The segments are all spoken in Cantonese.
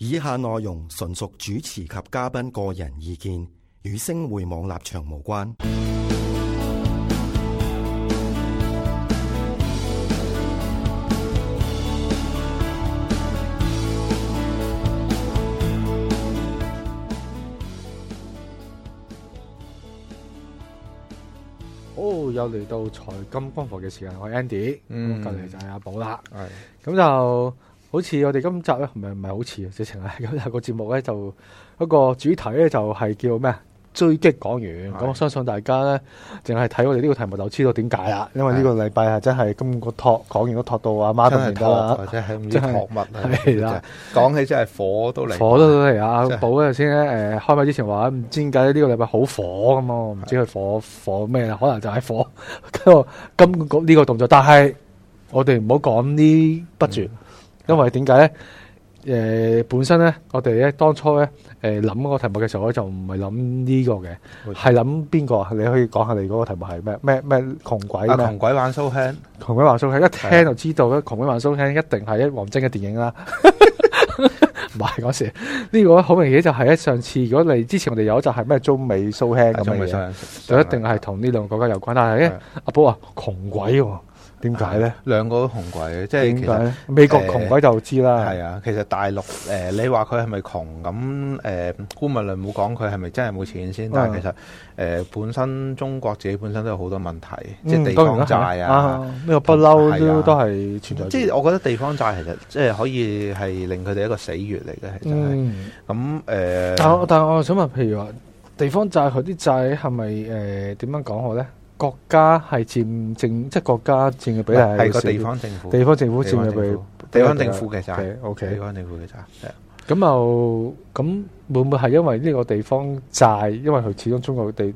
以下內容純屬主持及嘉賓個人意見，與星匯網立場無關。好，又嚟到財金工房嘅時間，我係 Andy，咁、嗯、隔籬就係阿寶啦，係咁的就。好似我哋今集咧，唔係唔係好似啊？直情咁有個節目咧，就、那、一個主題咧，就係叫咩？追擊港元。咁是的 我相信大家咧，淨係睇我哋呢個題目就知道點解啦。因為呢個禮拜係真係金管托港元都托到阿媽都唔得啦。Talk，或者係啲學物係啦。講起真係火都嚟，火都嚟、就是、啊！寶頭先咧，誒、呃，開麥之前話唔知點解呢個禮拜好火咁啊？唔知佢火是的 火咩啦？可能就係火。 今個呢個動作，但係我哋唔好講呢不絕。嗯。因為點解咧？誒，本身咧，我哋咧當初咧，誒諗個題目嘅時候咧，就唔係諗呢個嘅，係諗邊個啊？你可以講下你嗰個題目係咩咩咩窮鬼啊？窮鬼玩 show hand，窮鬼玩 show hand，一聽就知道啦。窮鬼玩 show hand 一定係王晶嘅電影啦。唔係嗰時呢個好明顯就係喺上次。如果你之前我哋有一集係咩中美 show hand 咁樣，就一定係同呢兩個國家有關。但係阿波啊，窮鬼喎。點解咧？兩個都窮鬼，即係其實美國窮鬼就知啦。係啊，其實大陸誒、呃，你話佢係咪窮咁？誒，姑勿論，唔好講佢係咪真係冇錢先。啊、但係其實誒、呃，本身中國自己本身都有好多問題，嗯、即係地方債啊，呢個不嬲都係存在。即係、啊就是、我覺得地方債其實即係可以係令佢哋一個死穴嚟嘅，其實係。咁誒、嗯呃，但但係我想問，譬如話地方債，佢啲債係咪誒點樣講好咧？呃國家係佔政，即係國家佔嘅比例係個地方政府，地方政府佔嘅比地方政府嘅債，OK，地方政府嘅債，咁又咁會唔會係因為呢個地方債，因為佢始終中國地？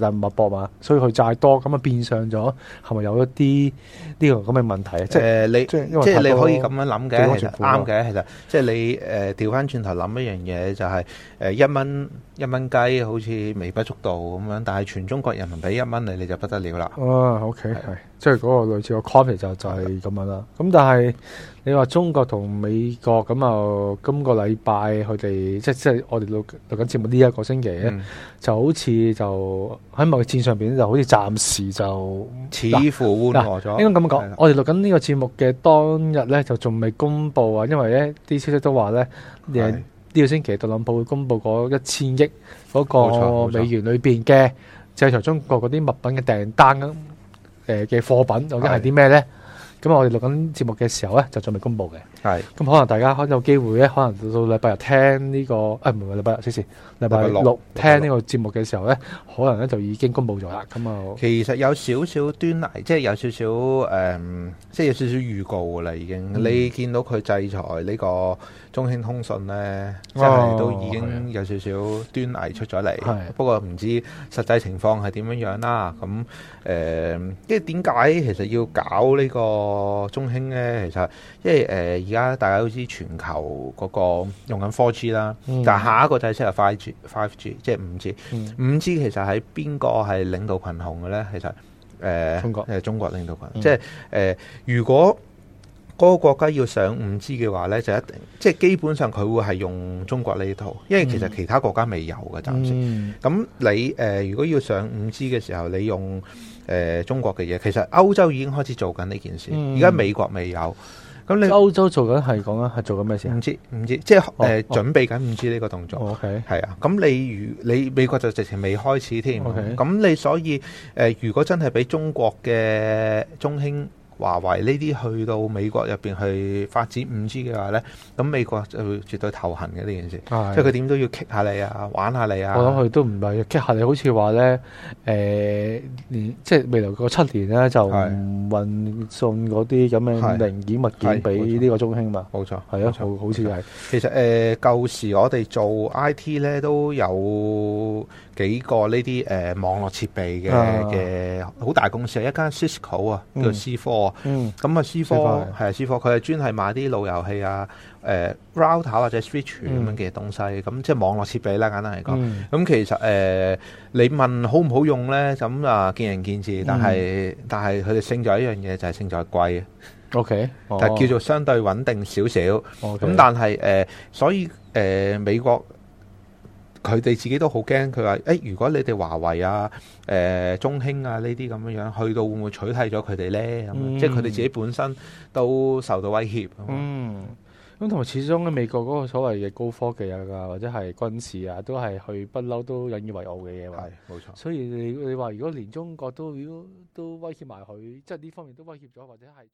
但唔係噃嘛，所以佢債多，咁啊變相咗係咪有一啲呢個咁嘅問題？呃、即係你即係你可以咁樣諗嘅，其實啱嘅，其實即係你誒調翻轉頭諗一樣嘢，就係，就係誒一蚊一蚊雞，好似微不足道咁樣，但係全中國人民畀一蚊你，你就不得了啦。哦 OK 係，即係嗰個類似個 copy 就係、就係、是、咁樣啦。咁但係。你話中國同美國咁啊？今個禮拜佢哋即係即係我哋錄錄緊節目呢一個星期咧，就好似就喺貿易戰上邊就好似暫時就似乎緩和咗。應該咁講，我哋錄緊呢個節目嘅當日咧，就仲未公布啊，因為咧啲消息都話咧，誒呢個星期特朗普會公布嗰一千億嗰個美元裏邊嘅制裁中國嗰啲物品嘅訂單啊，誒嘅貨品究竟係啲咩咧？咁我哋錄緊節目嘅時候咧，就仲未公布嘅。係是，咁可能大家有機會咧，可能到禮拜日聽呢、這個，誒、哎，唔係禮拜日，即係禮拜六,六,六聽呢個節目嘅時候咧，可能咧就已經公布咗啦。咁啊，其實有少少端倪，即係有少少誒、嗯，即係有少少預告噶啦。已經，嗯、你見到佢制裁呢個中興通訊咧，哦、即係都已經有少少端倪出咗嚟。的不過唔知實際情況係點樣樣、啊、啦。咁誒，即係點解其實要搞呢、這個？個中興咧，其實因為誒而家大家都知全球嗰、那個用緊 four G 啦，嗯、但下一個就係即係 five G，five G 即係五 G、嗯。五 G 其實喺邊個係領導群雄嘅咧？其實誒，呃、中國誒，中國領導群，嗯、即係誒、呃，如果。嗰個國家要上五 G 嘅話呢，就一定即係基本上佢會係用中國呢套，因為其實其他國家未有嘅，暫時、嗯。咁你誒、呃、如果要上五 G 嘅時候，你用誒、呃、中國嘅嘢，其實歐洲已經開始做緊呢件事，而家、嗯、美國未有。咁你歐洲做緊係講緊係做緊咩事？五 G 五 G，即係誒、oh, 呃、準備緊五 G 呢個動作。O K，係啊。咁你如你美國就直情未開始添。O K. 咁你所以誒、呃，如果真係俾中國嘅中興。華為呢啲去到美國入面去發展五 G 嘅話咧，咁美國就絕對頭痕嘅呢件事，是即係佢點都要棘、啊、下你啊，玩下你啊。我諗佢都唔係棘下你，好似話咧，即係未來個七年咧就唔運送嗰啲咁嘅零件物件俾呢是個中興嘛。冇錯，係啊對，錯好似係。錯其實誒，舊、呃、時我哋做 IT 咧都有幾個呢啲誒網絡設備嘅嘅好大公司啊，一間 Cisco 啊，叫做思科、嗯。嗯，咁啊，思科係啊思科，佢係專係買啲路由器啊，誒，router 或者 switch 咁、er、樣嘅東西，咁即係網絡設備啦、啊，簡單嚟講。咁、嗯、其實誒、呃，你問好唔好用咧，咁啊見仁見智。但係、嗯、但係佢哋勝在一樣嘢，就係勝在貴。O K，但係叫做相對穩定少少。咁 okay,、嗯嗯、但係誒、呃，所以誒、呃、美國。佢哋自己都好驚，佢話：誒、欸，如果你哋華為啊、誒、呃、中興啊呢啲咁樣樣去到，會唔會取締咗佢哋咧？咁即係佢哋自己本身都受到威脅。嗯，咁同埋始終咧，美國嗰個所謂嘅高科技啊，或者係軍事啊，都係佢不嬲都引以為傲嘅嘢。係，冇錯。所以你你話，如果連中國都都威脅埋佢，即係呢方面都威脅咗，或者係。